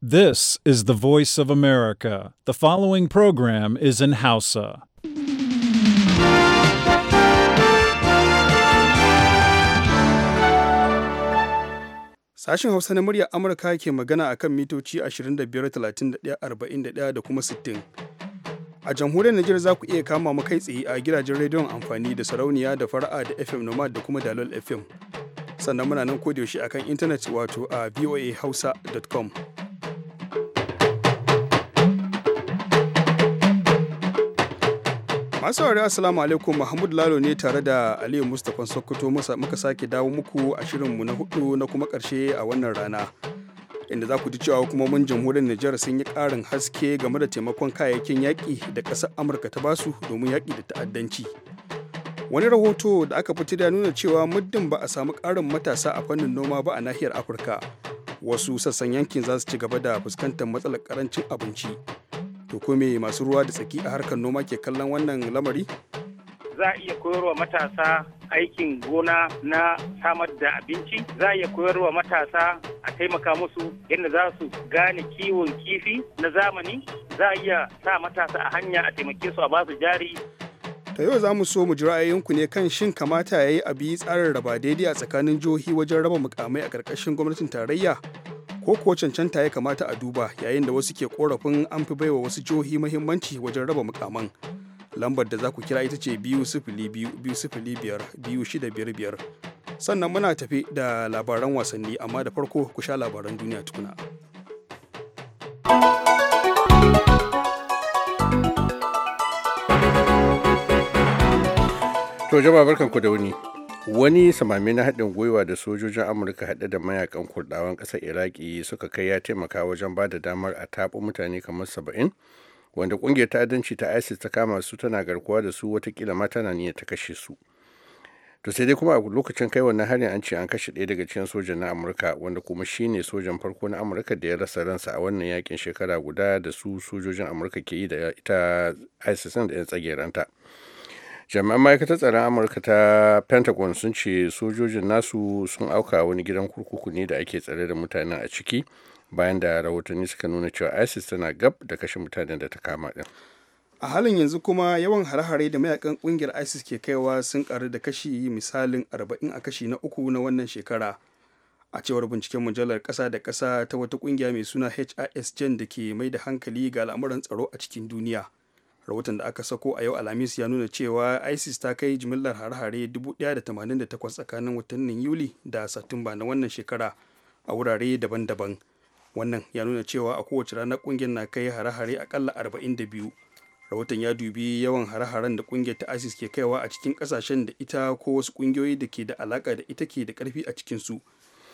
This is the voice of America. The following program is in Hausa. Sashen Hausa na muryar Amurka ke magana a kan mitoci 25,31,41 da kuma 60. A jamhuriyar Nijar za ku iya kama mu kai tsaye a gidajen rediyon amfani da sarauniya da fara'a da FM Nomad da kuma Dalol FM. Sannan muna nan kodiyoshi intanet wato a voahausa.com. masu wari assalamu alaikum mahmud lalo ne tare da aliyu mustapha sokoto muka sake dawo muku a shirinmu na hudu na kuma karshe a wannan rana inda za ku ji cewa hukumomin jamhuriyar nijar sun yi karin haske game da taimakon kayayyakin yaƙi da ƙasar amurka ta basu domin yaƙi da ta'addanci wani rahoto da aka fito da nuna cewa muddin ba a samu karin matasa a fannin noma ba a nahiyar afirka wasu sassan yankin za su ci gaba da fuskantar matsalar karancin abinci to ko me masu ruwa da tsaki a harkar noma ke kallon wannan lamari za a iya koyarwa matasa aikin gona na samar da abinci za a iya koyarwa matasa a taimaka musu yadda za su gane kiwon kifi na zamani za a iya sa matasa a hanya a taimake su a basu jari ta yau za mu so mu ji ra'ayinku ne kan shin kamata ya yi a biyi tsarin raba daidai a tsakanin jihohi wajen raba mukamai a ƙarƙashin gwamnatin tarayya ko ko cancanta ya kamata a duba yayin da wasu ke korafin an fi baiwa wasu jihohi mahimmanci wajen raba mukaman lambar da za ku kira ita ce biyu sifili biyu biyu sifili biyar biyu shida biyar biyar sannan muna tafi da labaran wasanni amma da farko ku sha labaran duniya tukuna to jama'a barkanku da wuni wani samami na haɗin gwiwa da sojojin amurka haɗe da mayakan kurdawan ƙasar iraki suka kai ya taimaka wajen ba da damar a taɓo mutane kamar saba'in wanda ƙungiyar ta'addanci ta isis ta kama su tana garkuwa da su watakila ma tana niyyar ta kashe su to sai dai kuma a lokacin kai wannan harin an ce an kashe ɗaya daga cikin sojan na amurka wanda kuma shine sojan farko na amurka da ya rasa ransa a wannan yakin shekara guda da su sojojin amurka ke yi da ita isis da 'yan tsageranta. ranta jami'an ma'aikatar tsaron amurka ta pentagon sun ce sojojin nasu sun auka wani gidan kurkuku ne da ake tsare da mutanen a ciki bayan da rahotanni suka nuna cewa isis tana gab da kashe mutanen da ta kama din a halin yanzu kuma yawan hare-hare da mayakan kungiyar isis ke kaiwa sun karu da kashi misalin arba'in a kashi na uku na wannan shekara a cewar binciken mujallar kasa da kasa ta wata kungiya mai suna his gen da ke mai da hankali ga al'amuran tsaro a cikin duniya rahoton da aka sako a yau alhamis ya nuna cewa isis ta kai jimillar hare-hare 1,088 tsakanin watannin yuli da satumba na wannan shekara a wurare daban-daban wannan ya nuna cewa a kowace rana kungiyar na kai hare-hare akalla 42 rahoton ya dubi yawan hare-haren da kungiyar ta isis ke kaiwa a cikin kasashen da ita ko wasu kungiyoyi da ke da alaka da ita ke da karfi a cikin su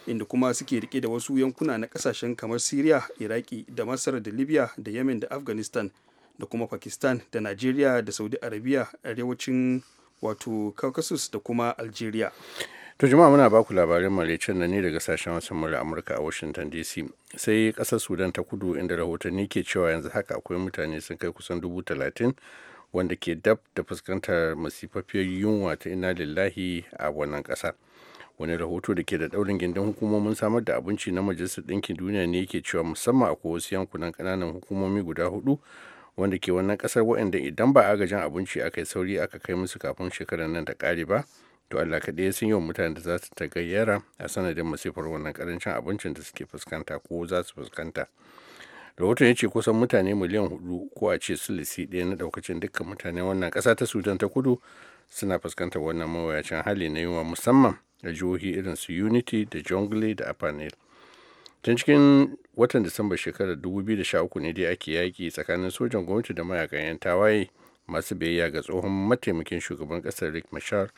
inda kuma suke rike da wasu yankuna na kasashen kamar syria iraki da masar da libya da yemen da afghanistan da kuma pakistan da nigeria da saudi arabia arewacin wato caucasus da kuma algeria to jama'a muna baku labarin maraicin nan ne daga sashen wasan mura amurka a washington dc sai kasar sudan ta kudu inda rahotanni ke cewa yanzu haka akwai mutane sun kai kusan dubu talatin wanda ke dab da fuskantar masifafiyar yunwa ta ina lillahi a wannan kasa wani rahoto da ke da daurin gindin hukumomin samar da abinci na majalisar ɗinkin duniya ne ke cewa musamman a wasu yankunan ƙananan hukumomi guda hudu wanda ke wannan kasar waɗanda idan ba agajin abinci aka yi sauri aka kai musu kafin shekarar nan ta kare ba to Allah ɗaya sun yi wa mutane da za su ta gayyara a sanadin masifar wannan karancin abincin da suke fuskanta ko za su fuskanta rahoton ya ce kusan mutane miliyan hudu ko a ce silisi ɗaya na ɗaukacin dukkan mutane wannan ƙasa ta sudan ta kudu suna fuskantar wannan mawuyacin hali na yunwa musamman a jihohi irin su unity da jongle da apanel tun cikin watan disamba shekarar 2013 ne dai ake yaki tsakanin sojan gwamnati da mayakan 'yan tawaye masu biyayya ga tsohon mataimakin shugaban ƙasar rick mashar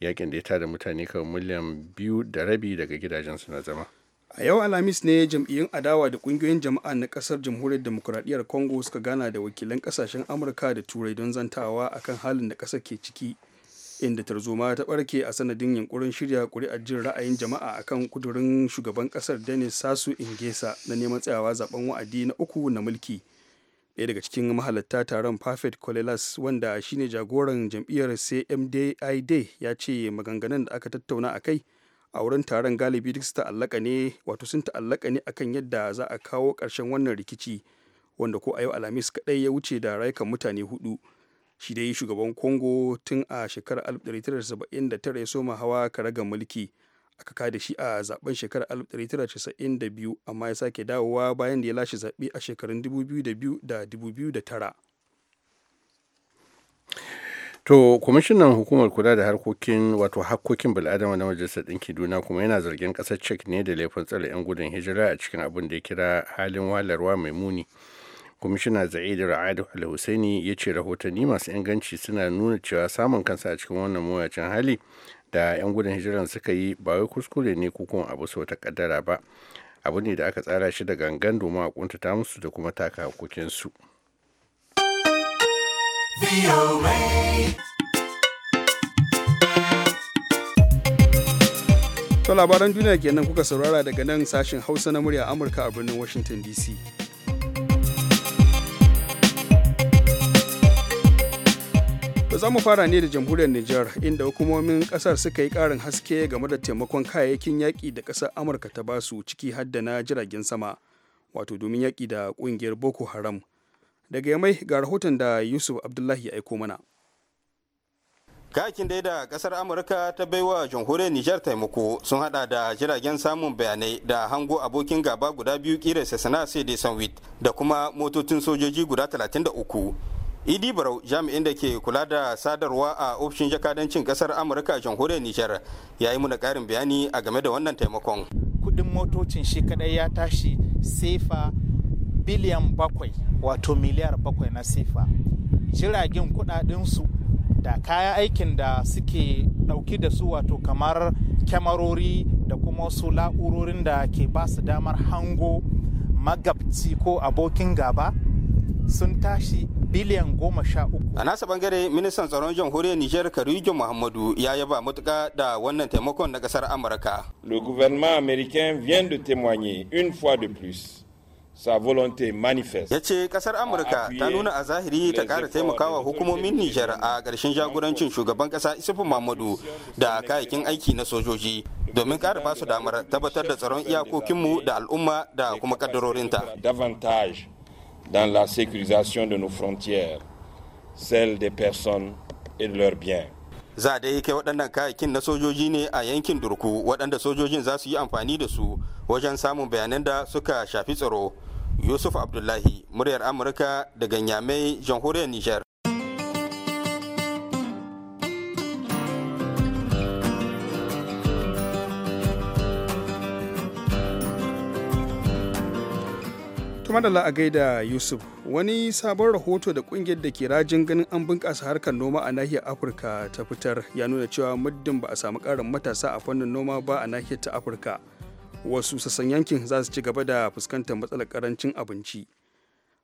yakin da ya tada mutane kan miliyan biyu da rabi daga gidajensu na zama a yau alhamis ne jam'iyyun adawa da kungiyoyin jama'a na kasar jamhuriyar demokuraɗiyyar congo suka gana da wakilan ƙasashen amurka da turai don zantawa akan halin da kasar ke ciki inda tarzoma ta ɓarke a sanadin yunkurin shirya kuri'ar jin ra'ayin jama'a akan kudurin shugaban kasar denis sasu ingesa na neman tsayawa zaben wa'adi na uku na mulki ɗaya daga cikin mahalatta taron perfect colelas wanda shine jagoran jam'iyyar cmdid ya ce maganganun da aka tattauna a kai a wurin taron galibi duk su ta'allaka ne wato sun ta'allaka ne akan yadda za a kawo ƙarshen wannan rikici wanda ko a yau alhamis kaɗai ya wuce da rayukan mutane hudu shi dai shugaban congo tun a shekarar 1979 ya soma hawa karagar mulki aka kada shi a zaben shekarar 1992 amma ya sake dawowa bayan da ya lashe zaɓe a shekarun 2002 da 2009 To, kwamishinan hukumar kula da harkokin wato hakkokin bil'adama na Majalisar Ɗinki Duna kuma yana zargin ƙasar cek ne da laifin tsare 'yan gudun hijira a cikin abin da ya kira halin walarwa mai muni. kwamishina za'id ra'adu al-husaini ya ce rahotanni masu inganci suna nuna cewa samun kansa a cikin wannan mawuyacin hali da 'yan gudun hijiran suka yi ba wai kuskure ne ko kuma abu sau ta kaddara ba abu ne da aka tsara shi da gangan domin a kuntata musu da kuma taka hakokinsu To labaran duniya kenan kuka saurara daga nan sashen Hausa na murya Amurka a birnin Washington DC. za mu fara ne da jamhuriyar Nijar inda hukumomin kasar suka yi karin haske game da taimakon kayayyakin yaƙi da kasar Amurka ta basu ciki hadda na jiragen sama wato domin yaƙi da ƙungiyar Boko Haram. Daga yamai ga rahoton da Yusuf Abdullahi ya aiko mana. kayakin dai da kasar amurka ta baiwa jamhuriyar nijar taimako sun hada da jiragen samun bayanai da hango abokin gaba guda biyu kira sassana sai dai sanwit da kuma motocin sojoji guda 33 idi barau jami'in da ke kula da sadarwa a ofishin jakadancin kasar amurka jamhuriyar nijar ya yi muna karin bayani a game da wannan taimakon kudin motocin shi kadai ya tashi sefa biliyan bakwai wato miliyar bakwai na sefa jiragen kudadinsu da kayan aikin da suke dauki da su wato kamar kyamarori da kuma wasu la'urorin da ke ba su damar hango magabci ko abokin gaba sun tashi biliyan goma sha uku. A nasa bangare ministan tsaron jamhuriyar Nijar Karijo Muhammadu ya yaba matuka da wannan taimakon na kasar Amurka. Le gouvernement américain vient de témoigner une fois de plus Ya ce kasar Amurka ta nuna a zahiri ta kara taimakawa hukumomin Nijar a ƙarshen jagorancin shugaban ƙasa Isufu Muhammadu da kayakin aiki na sojoji domin ƙara basu damar tabbatar da tsaron iyakokinmu da al'umma da kuma ƙaddarorinta. Davantage dans la sécurisation de nos frontières, celle des personnes et de leurs biens. za a dai kai waɗannan kayayyakin na sojoji ne a yankin durku waɗanda sojojin za su yi amfani da su wajen samun bayanan da suka shafi tsaro yusuf abdullahi muryar amurka daga nyamai jamhuriyar niger Tuma da la'agai gaida Yusuf, wani sabon rahoto da kungiyar da ke rajin ganin an bunkasa harkar noma a nahiyar Afirka ta fitar ya nuna cewa muddin ba a samu karin matasa a fannin noma ba a nahiyar ta Afirka. Wasu sassan yankin za su ci gaba da fuskantar matsalar karancin abinci.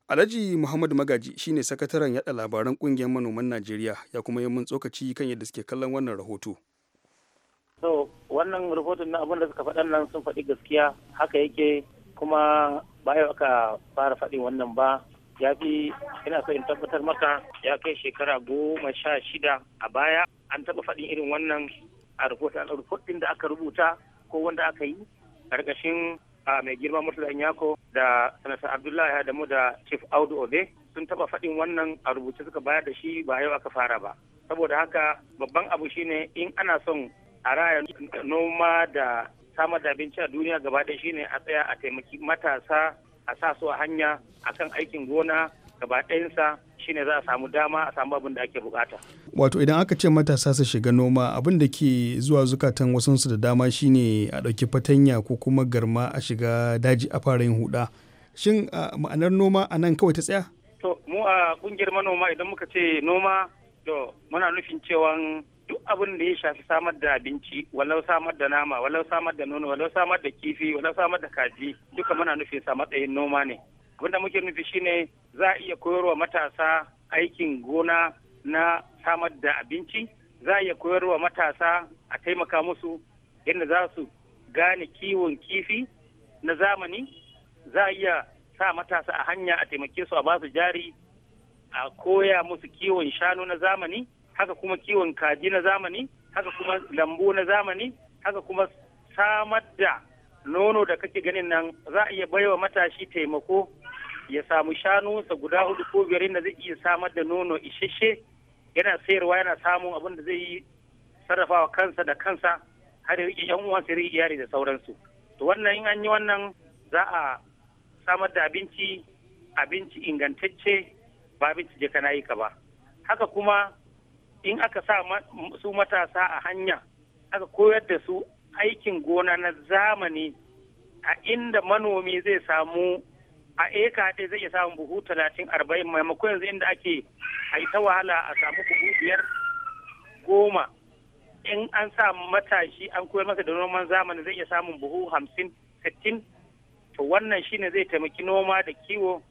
Alhaji Muhammad Magaji shine sakataren yada labaran kungiyar manoman Najeriya ya kuma yi mun tsokaci kan yadda suke kallon wannan rahoto. So wannan rahoton na abin da suka faɗan nan sun faɗi gaskiya haka yake kuma ba aka fara faɗin wannan ba ya fi ina so in tabbatar maka ya kai shekara goma sha shida a baya an taɓa faɗin irin wannan a rufot da aka rubuta ko wanda aka yi ƙarƙashin a mai girma murtala yako da sanata abdullahi adamu da chief audu obe sun taɓa faɗin wannan a rubuce suka bayar da shi ba yau aka fara ba saboda haka babban abu shine in ana son a raya noma da samar da abinci a duniya gaba ɗaya ne a tsaya a taimaki matasa a sa su a hanya akan aikin gona gaba ɗayansa shine za a samu dama a samu abin da ake bukata. Wato idan aka ce matasa su shiga noma abin da ke zuwa zukatan wasansu da dama shine a ɗauki fatanya ko kuma garma a shiga daji a fara yin huda. Shin ma'anar noma a nan kawai ta tsaya? To mu a kungiyar manoma idan muka ce noma to muna nufin cewa duk abin da ya shafi samar da abinci walau samar da nama walau samar da nono walau samar da kifi walau samar da kaji duka muna nufin sa matsayin noma ne abinda muke nufi shine za a iya koyarwa matasa aikin gona na samar da abinci za a iya koyarwa matasa a taimaka musu yadda za su gane kiwon kifi na zamani za a iya sa matasa a hanya a taimake su a ba su jari a koya musu kiwon shanu na zamani haka kuma kiwon kaji na zamani haka kuma lambu na zamani haka kuma samar da nono da kake ganin nan za a iya baiwa matashi taimako ya samu shanunsa guda hudu ko biyar da zai iya samar da nono isheshe yana sayarwa yana samun abin da zai yi sarrafawa kansa da kansa har yan uwansa ya iyali da sauransu to wannan in an yi wannan za a samar da abinci abinci ingantacce ba abinci je kana yi ka ba haka kuma in aka sa su matasa a hanya aka koyar da su aikin gona na zamani a inda manomi zai samu a eka ɗaya zai iya samun buhu talatin arba'in maimakon yanzu inda ake a ta wahala a samu buhu biyar goma in an sa matashi an koyar masa da noman zamani zai iya samun buhu hamsin sittin to wannan shine zai taimaki noma da kiwo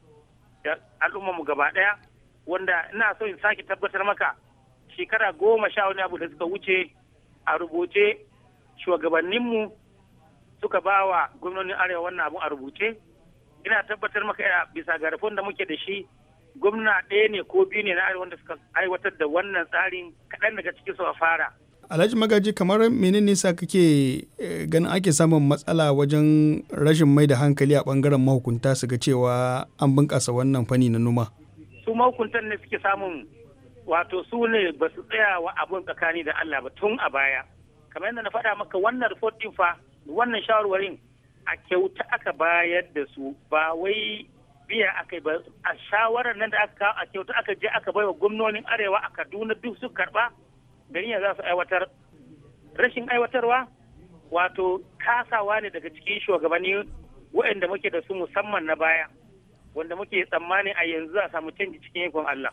da al'ummarmu gaba ɗaya wanda ina so in sake tabbatar maka shekara goma sha wani abu da suka wuce a rubuce shugabanninmu suka ba wa gwamnonin arewa wannan abu a rubuce ina tabbatar maka eh, bisa ga da muke da shi gwamna ɗaya ne ko biyu ne na arewa da suka aiwatar da wannan tsarin kaɗan daga cikin su a fara alhaji magaji kamar menene nisa kake eh, ganin ake samun matsala wajen rashin mai da hankali a bangaren mahukunta su ga cewa an bunƙasa wannan fani na noma su mahukuntan ne suke samun wato su ne ba su tsaya wa abun tsakani da Allah ba tun a baya kamar yadda na faɗa maka wannan report din fa wannan shawarwarin a kyauta aka bayar da su ba wai biya aka ba a shawarar nan da aka kawo a kyauta aka je aka bai wa gwamnonin arewa a Kaduna duk su karba gari ya za su aiwatar rashin aiwatarwa wato kasawa ne daga cikin shugabanni waɗanda muke da su musamman na baya wanda muke tsammanin a yanzu a samu canji cikin ikon Allah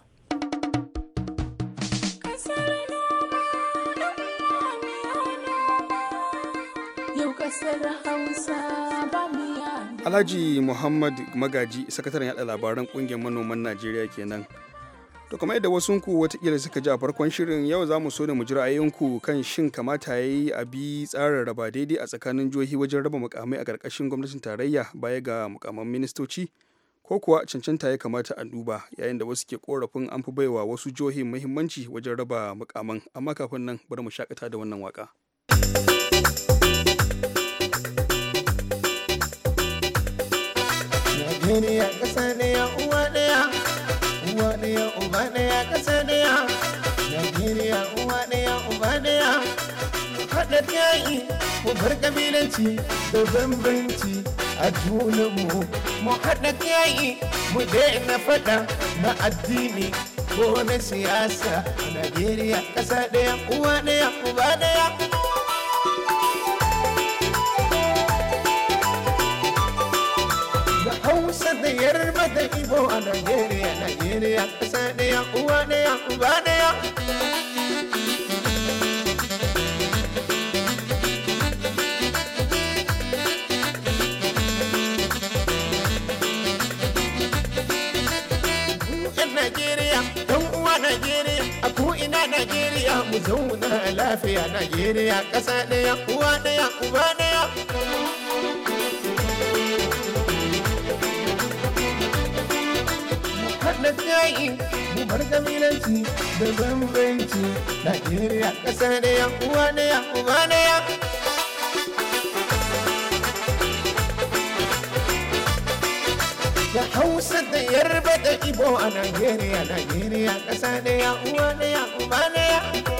Alhaji Muhammad Magaji, sakataren yada labaran kungiyar manoman Najeriya kenan. To kamar yadda wasu wata watakila suka ji a farkon shirin yau za mu so da mu jira ra'ayinku kan shin kamata ya yi a bi tsarin raba daidai a tsakanin jihohi wajen raba mukamai a ƙarƙashin gwamnatin tarayya baya ga mukamman ministoci. ko kuwa cancanta ya kamata a duba yayin da wasu ke korafin an fi baiwa wasu jihohin muhimmanci wajen raba mukaman amma kafin nan bari mu shakata da wannan waka. Najeriya ƙasa ɗaya uwa ɗaya, uwa uba Najeriya uwa faɗar yaƙi mu bar ƙabilanci da bambanci a junanmu mu haɗa yaƙi mu daina faɗa na addini ko na siyasa a Najeriya ƙasa ɗaya uwa ɗaya uba ɗaya. Da Hausa da Yarba da Ibo a Najeriya, Najeriya ƙasa ɗaya uwa ɗaya uba ɗaya. zauna lafiya Najeriya ƙasa ɗaya uwa ɗaya uba ɗaya. Haɗa tsayi mu bar kabilanci da bambanci Najeriya ƙasa ɗaya uwa ɗaya uba ɗaya. Da Hausa da Yarba da Ibo a Najeriya, Najeriya ƙasa ɗaya uwa ɗaya uba ɗaya.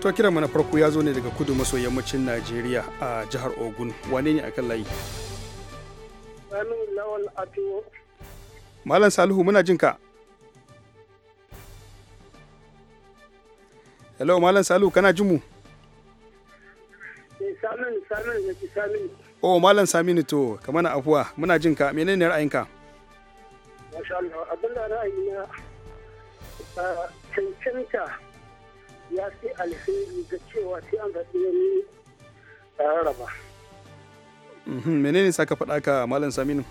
to kira mana farko ya zo ne daga kudu maso yammacin najeriya a jihar ogun wane ne akan layi malam salihu muna jin ka hello malam salihu kana jin mu eh, oh malam saminu to kamar na afuwa muna jin ka menene ra'ayinka masha Allah abin da ra'ayina ah, cancanta ya fi alheri ga cewa sai an zaɓi wani rarraba. Mhm, menene sa faɗa ka malam saminu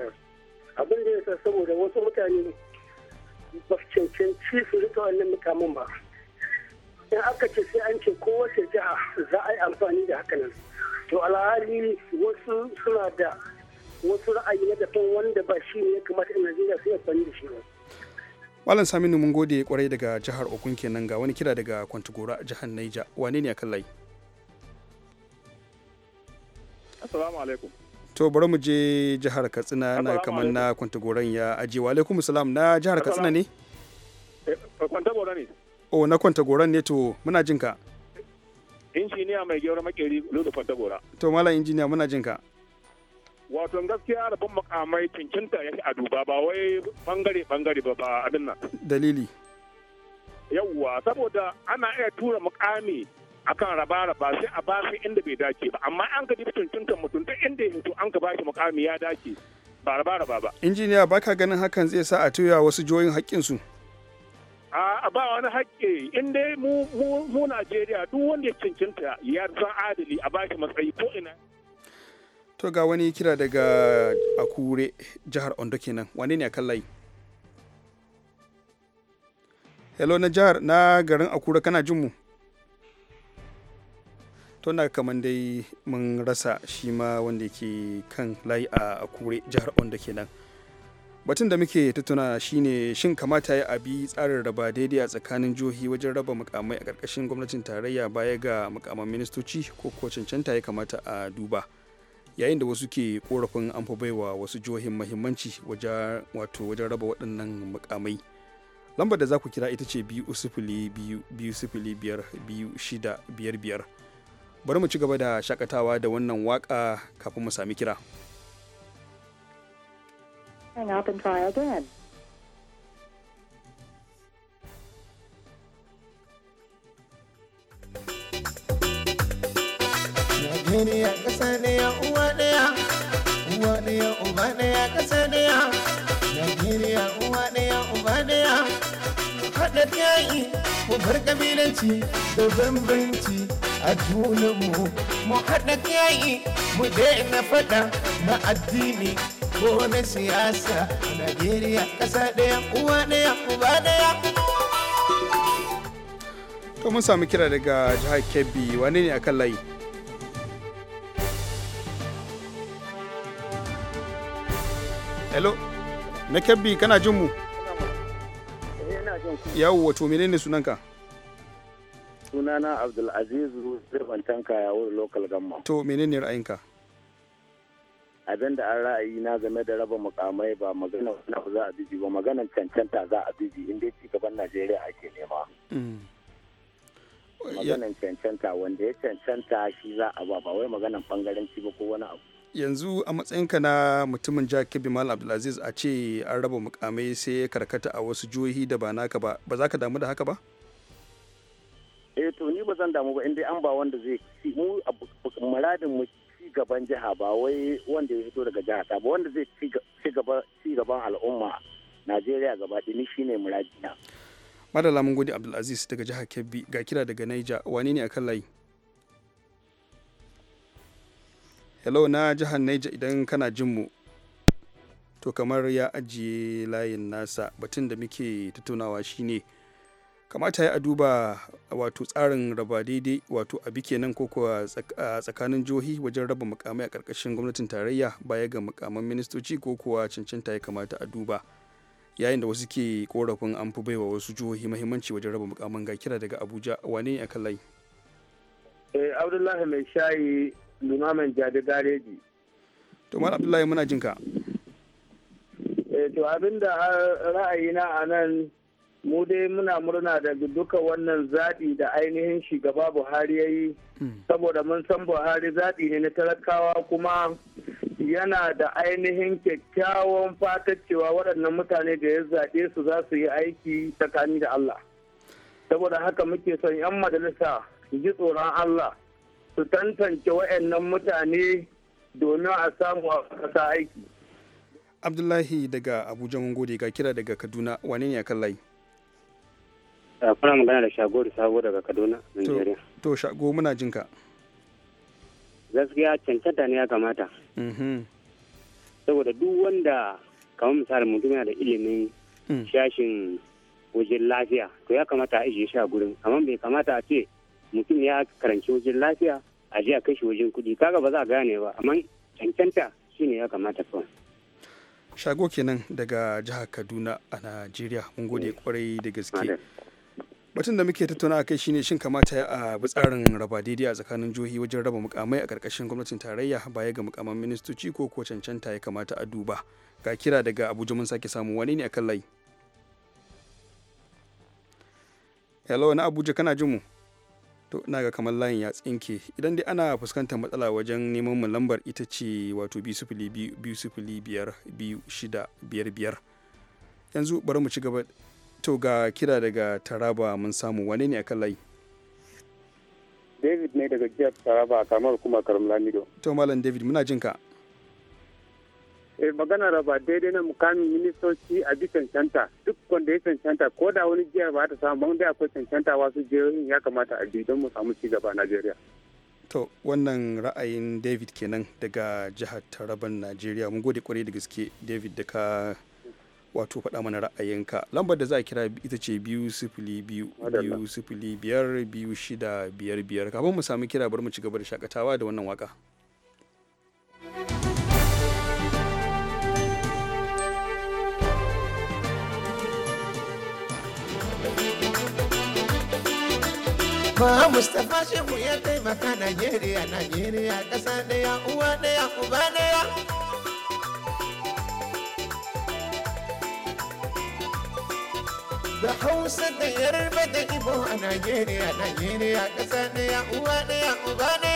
eh, abin da ya sa saboda wasu mutane ba su cancanci su rika wannan mutamin ba in aka ce sai an ce kowace jiha za a yi amfani da hakanan to alhali wasu suna da wasu ra'ayi na daban wanda ba shi ne ya kamata in najeriya su amfani da shi ba Malam Saminu mun gode kwarai daga jihar Okun kenan ga wani kira daga Kwantagora jihar Naija. Wane ne kan layi? Assalamu alaikum. To bari mu je jihar Katsina na kamar na Kwantagoran ya aje. Wa alaikum salam na jihar Katsina ne? Eh, eh, Kwantagora ne. Oh na Kwantagoran ne to muna jinka. Injiniya mai gyara makeri Lodo Kwantagora. To malam injiniya muna jinka. ka. wato gaskiya rabon makamai cincinta ya a duba ba wai bangare bangare ba abin nan dalili yawwa saboda ana iya tura mukami akan raba raba sai a ba shi inda bai dace ba amma an ga dibi cincinta mutum duk inda ya an ka ba shi mukami ya dace ba raba raba ba injiniya baka ganin hakan zai sa a tuya wasu hakkin haƙƙinsu a ba wani haƙƙi in dai mu Najeriya duk wanda ya cincinta ya san adali a ba shi matsayi ko ina to ga wani kira daga akure jihar ondo kenan wane ne a kan layi hello na jihar na garin akure kana jin mu to na kaman dai mun rasa shi ma wanda yake kan layi a akure jihar ondo kenan batun da muke tattuna shine shin kamata ya abi tsarin raba daidai a tsakanin jihohi wajen raba mukamai a ƙarƙashin gwamnatin tarayya baya ga mukamman ministoci ko ko cancanta ya kamata a duba yayin da wasu ke korafin an fi baiwa wasu jihohin mahimmanci wato wajen raba waɗannan mukamai lambar da za ku kira ita ce biyu sifili biyu biyu sifili biyar biyu shida biyar biyar bari mu ci gaba da shakatawa da wannan waka kafin mu sami kira. Najeriya ƙasa ɗaya uwa ɗaya, uwa ɗaya uba ɗaya ƙasa ɗaya. Najeriya uwa ɗaya uba ɗaya. Haɗa yayi mu bar ƙabilanci da bambanci a junanmu. Mu mu haɗa yayi mu daina faɗa na addini ko na siyasa. Najeriya ƙasa ɗaya uwa ɗaya uba ɗaya. To mun sami kira daga jihar Kebbi wane ne akan layi? hello na kebbi kana jin mu yawo wato menene sunanka sunana abdulazizu zirban tanka ya wuri local gamma to menene ra'ayinka abin da an ra'ayi na game da raba mukamai ba magana wani abu za a biji ba maganan cancanta za a biji inda ci gaban najeriya ake nema mm. maganan cancanta wanda ya cancanta shi za a ba ba wai maganan bangaranci ba ko wani abu yanzu a matsayinka na mutumin jihar kebbi mal abdulaziz a ce an raba mukamai sai ya karkata a wasu jihohi da ba naka ba ba za ka damu da haka ba eh to ni ba zan damu ba inda an ba wanda zai mu muradin mu ci gaban jiha ba wai wanda ya fito daga jiha ta ba wanda zai ci gaban al'umma najeriya gaba ni shine muradina madalla mun gode abdulaziz daga jihar kebbi ga kira daga naija wane ne akan layi hello na jihar Niger idan kana jin mu to kamar ya ajiye layin nasa batun da muke tattaunawa shine kamata ya a duba wato tsarin raba daidai wato a bike nan ko a tsakanin jihohi wajen raba mukamai a karkashin gwamnatin tarayya baya ga mukaman ministoci ko kuwa cancanta ya kamata a duba yayin da wasu ke korafin an fi baiwa wasu jihohi mahimmanci wajen raba mukaman ga kira daga abuja wane ne akan layi eh abdullahi mai shayi limamin jadi gareji to abdullahi muna jinka eh, to abinda ah, ra'ayina a nan mu dai muna murna da duka wannan zaɓi da ainihin shugaba buhari ya yi hmm. saboda mun san buhari zaɓi ne na talakawa kuma yana da ainihin kyakkyawan fatar cewa waɗannan mutane da ya zaɓe su za su yi aiki tsakani da allah saboda haka muke son 'yan majalisa ji tsoron allah su tantance waɗannan mutane domin a samu a kasa aiki. Abdullahi daga Abuja mun gode ga kira daga Kaduna wane ne kan layi? Ah, kuna magana da shago da sabo daga Kaduna, Nigeria. To, shago muna jinka. Gaskiya cancanta ne ya kamata. Mm-hmm. Saboda duk wanda kamar misali mutum yana da ilimin mm. shashin wajen lafiya to ya kamata a ishe shi a gurin amma bai kamata a ce mutum ya karanci wajen lafiya a je a kai wajen kuɗi kaga ba za a gane ba amma cancanta shine ya kamata kawai shago kenan daga jihar kaduna a najeriya mun gode mm. kwarai da gaske batun da muke tattauna a kai shine shin kamata a bi tsarin raba daidai a tsakanin jihohi wajen raba mukamai a karkashin gwamnatin tarayya baya ga mukaman ministoci ko ko cancanta ya kamata a duba ga kira daga abuja mun sake samu wani ne akan layi hello na abuja kana jin mu to ina ga kamar layin ya tsinke idan dai ana fuskantar matsala wajen neman mu lambar ita ce wato biyar yanzu bari mu ci gaba to ga kira daga taraba mun samu wane ne akan layi david ne daga jihar taraba kamar kuma karamlamido to malam david muna jinka ka Eh, magana raba daidai na mukamin ministoci a bi cancanta duk wanda ya cancanta ko da wani jihar ba ta samu wanda akwai cancanta wasu jihohin ya kamata a bi don mu samu ci gaba a najeriya to wannan ra'ayin david kenan daga jihar taraban najeriya mun gode kwarai da gaske david da ka wato faɗa mana ra'ayinka lambar da za a kira ita ce biyu sifili biyu biyu sifili biyar biyu shida biyar biyar kafin mu samu kira bari mu ci gaba da shakatawa da wannan waka. Baba ah, Mustapha Shehu ya taimaka Najeriya, Najeriya ƙasa ɗaya, uwa ɗaya, uba ɗaya. Da Hausa da Yarba da Ibo a Najeriya, Najeriya ƙasa ɗaya, uwa ɗaya, uba ɗaya.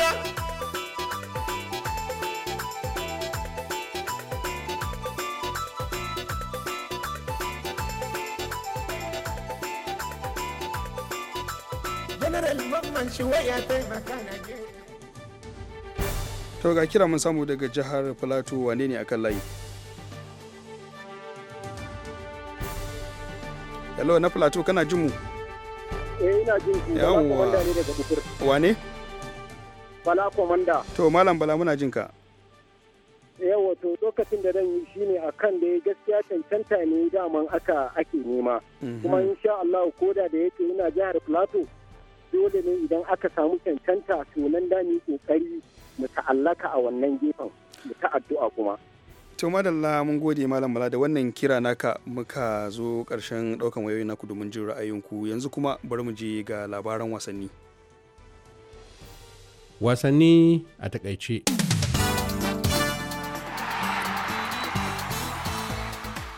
General taimaka To ga kira mun samu daga jihar Filato wane ne akan layi? Hello na Filato kana jin mu? Eh ina jin ku. Yawwa. Wane? Bala komanda. To malam Bala muna jin ka. Yawwa to lokacin da zan yi shine akan da gaskiya cancanta ne daman aka ake nema. Mhm. Kuma insha Allah ko da da yake ina jihar Filato dole ne idan aka samu cancanta sunan da mu kokari mu ta'allaka a wannan gefen mu ta addu'a kuma to madalla mun gode malam bala da wannan kira naka muka zo karshen daukan wayoyi naku domin jin ra'ayinku yanzu kuma bari mu je ga labaran wasanni wasanni a takaice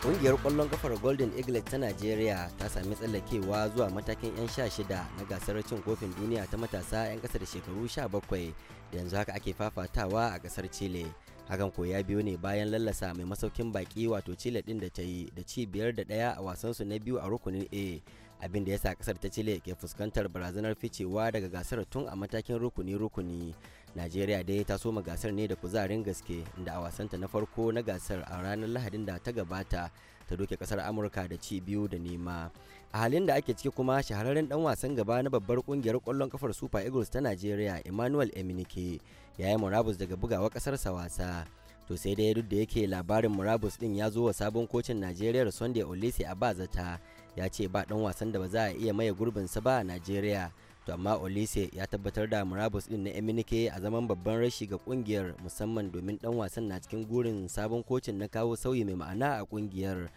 Ƙungiyar kwallon kafar Golden Eagles ta Najeriya ta sami tsallakewa zuwa matakin 'yan sha shida na gasar cin kofin duniya ta matasa 'yan kasa da shekaru 17 da yanzu haka ake fafatawa a ƙasar Chile. Hakan ko ya biyo ne bayan lallasa mai masaukin baki wato Chile din da ta yi da ci biyar da ɗaya a wasansu na biyu a rukunin A. abin da ya sa kasar ta chile ke fuskantar barazanar ficewa daga gasar tun a matakin rukuni-rukuni najeriya dai ta soma gasar ne da kuzarin gaske inda a wasanta na farko na gasar a ranar lahadin da ta gabata ta doke kasar amurka da ci biyu da nema a halin da ake ciki kuma shahararren dan wasan gaba na babbar kungiyar kwallon kafar super eagles ta najeriya emmanuel eminike ya yi murabus daga bugawa kasar sa wasa to sai dai duk da yake labarin murabus din ya zo wa sabon kocin najeriya sunday olise abazata ya ce ba dan wasan da ba za a iya maye gurbin gurbinsa ba a najeriya to amma olise ya tabbatar da murabus din na eminike a zaman babban rashi ga kungiyar musamman domin dan wasan na cikin gurin sabon kocin na kawo sauyi mai ma'ana a kungiyar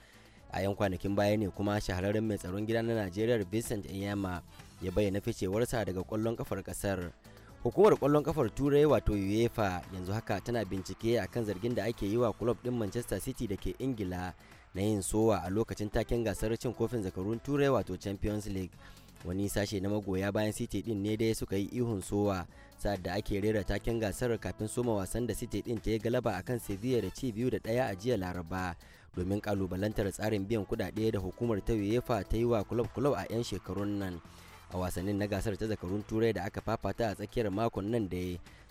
a yan kwanakin baya ne kuma shahararren mai tsaron gida na najeriya vincent enyama ya bayyana ficewarsa daga kwallon kafar kasar hukumar kwallon kafar turai wato uefa yanzu haka tana bincike akan zargin da ake yi wa kulob din manchester city da ke ingila na yin sowa a lokacin taken gasar cin kofin zakarun turai wato champions league wani sashe na magoya bayan city din ne dai suka yi ihun sowa sa'ad da ake rera taken gasar kafin soma wasan da city din ta yi galaba akan sevilla da ci biyu da daya a jiya laraba domin kalubalantar tsarin biyan kuɗaɗe da hukumar ta uefa ta yi wa kulob kulob a 'yan shekarun nan a wasannin na gasar ta zakarun turai da aka fafata a tsakiyar makon nan da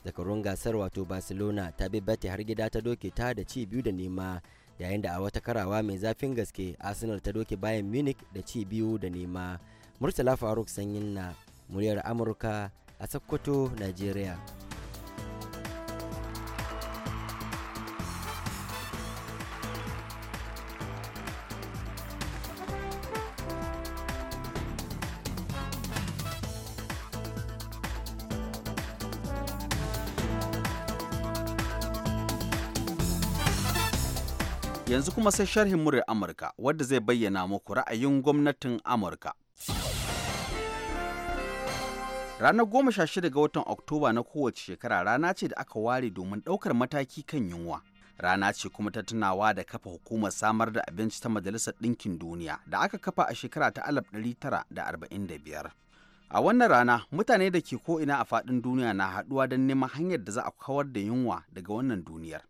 zakarun gasar wato barcelona ta bi bate har gida ta doke ta da ci biyu da nema yayin da a wata karawa mai zafin gaske arsenal ta doke bayan munich da ci biyu da nema murtala faruk sanyin na muryar amurka a sokoto Najeriya. yanzu kuma sai sharhin muryar amurka wadda zai bayyana muku ra'ayin gwamnatin amurka Ranar goma sha shida ga watan Oktoba na kowace shekara rana ce da aka ware domin ɗaukar mataki kan yunwa. Rana ce kuma ta tunawa da kafa hukumar samar da abinci ta Majalisar Ɗinkin Duniya da aka kafa a shekara ta ɗari tara da da arba'in biyar. A wannan rana mutane da ke ko'ina a faɗin duniya na haɗuwa don neman hanyar da za a kawar da yunwa daga wannan duniyar.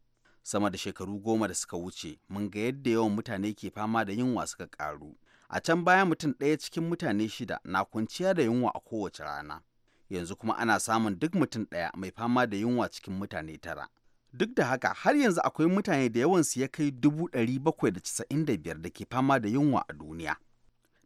Sama da shekaru goma da suka wuce mun ga yadda yawan mutane ke fama da yunwa suka ƙaru. A can baya mutum ɗaya cikin mutane shida na kwanciya da yunwa a kowace rana. yanzu kuma ana samun duk mutum ɗaya mai fama da yunwa cikin mutane tara. Duk da haka har yanzu akwai mutane da yawan su ya kai dubu ɗari bakwai da casa'in da biyar da ke fama da yunwa a duniya.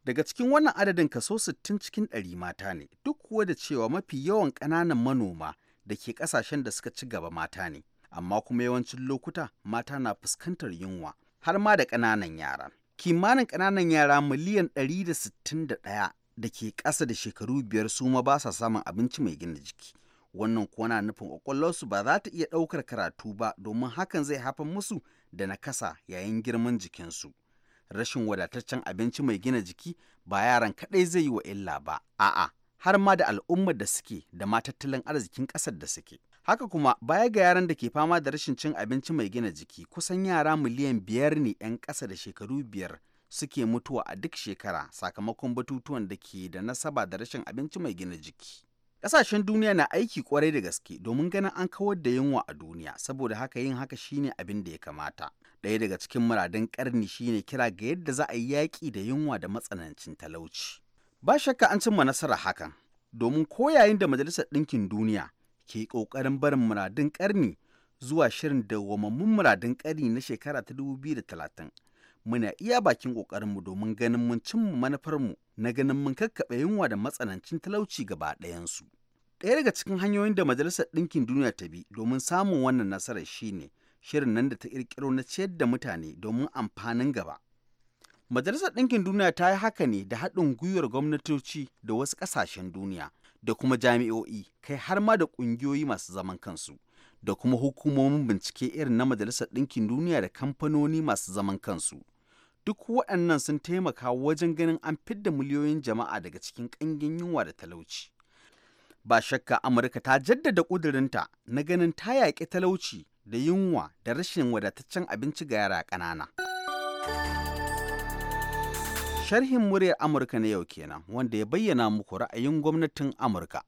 Daga cikin wannan adadin kaso sittin cikin ɗari mata ne, duk kuwa da cewa mafi yawan ƙananan manoma da ke ƙasashen da suka ci gaba mata ne, amma kuma yawancin lokuta mata na fuskantar yunwa har ma da ƙananan yara. Kimanin ƙananan yara miliyan ɗari da sittin da ɗaya da ke ƙasa da shekaru biyar su ma ba sa samun abinci mai gina jiki wannan kuwa na nufin ƙwaƙwalwarsu ba za ta iya ɗaukar karatu ba domin hakan zai haifar musu da nakasa yayin girman jikinsu rashin wadataccen abinci mai gina jiki ba yaran kaɗai zai yi wa illa ba a'a har ma da al'ummar da suke da ma tattalin arzikin ƙasar da suke haka kuma baya ga yaran da ke fama da rashin cin abinci mai gina jiki kusan yara miliyan biyar ne 'yan ƙasa da shekaru biyar suke mutuwa a duk shekara sakamakon batutuwan da ke da nasaba da rashin abinci mai gina jiki. Ƙasashen duniya na aiki kwarai da gaske domin ganin an kawar da yunwa a duniya saboda haka yin haka shine abin da ya kamata. Ɗaya daga cikin muradun ƙarni shine kira ga yadda za a yi yaƙi da yunwa da matsanancin talauci. Ba shakka an cimma nasarar hakan domin ko yayin da Majalisar Ɗinkin Duniya ke ƙoƙarin barin muradun ƙarni zuwa shirin dawwamammun muradun ƙarni na shekara ta 2030 muna iya bakin ƙoƙarinmu domin ganin mun manufar mu na ganin mun kakkaɓe yunwa da matsanancin talauci gaba ɗayansu. Ɗaya daga cikin hanyoyin da Majalisar Ɗinkin Duniya ta bi domin samun wannan nasarar shine shirin nan da ta ƙirƙiro na ciyar da mutane domin amfanin gaba. Majalisar Ɗinkin Duniya ta yi haka ne da haɗin gwiwar gwamnatoci da wasu ƙasashen duniya da kuma jami'o'i kai har ma da ƙungiyoyi masu zaman kansu da kuma hukumomin bincike irin na Majalisar Ɗinkin Duniya da kamfanoni masu zaman kansu. duk waɗannan sun taimaka wajen ganin an fidda miliyoyin jama'a daga cikin ƙangin yunwa da talauci. Ba shakka Amurka ta jaddada ƙudurinta na ganin ta yaƙi talauci da yunwa da rashin wadataccen abinci ga yara ƙanana. Sharhin muryar Amurka na yau kenan wanda ya bayyana muku ra'ayin gwamnatin Amurka.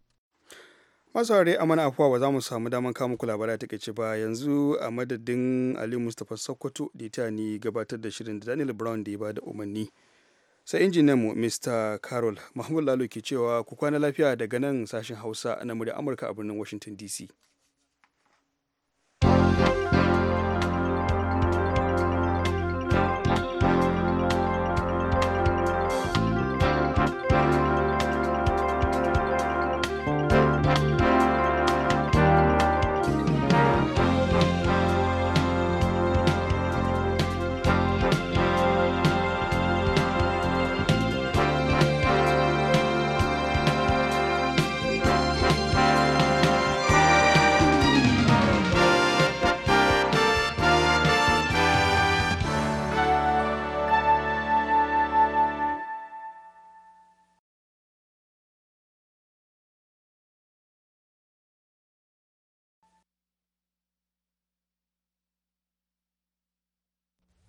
masu ware a mana afuwa ba za mu samu daman kama kula ba ta ce ba yanzu a madadin ali mustapha sokoto da ta ni gabatar da shirin da daniel brown da ya ba da umarni sai injiniyan mu mr carol mahmud lalo ke cewa ku kwana lafiya daga nan sashen hausa na murya amurka a birnin washington dc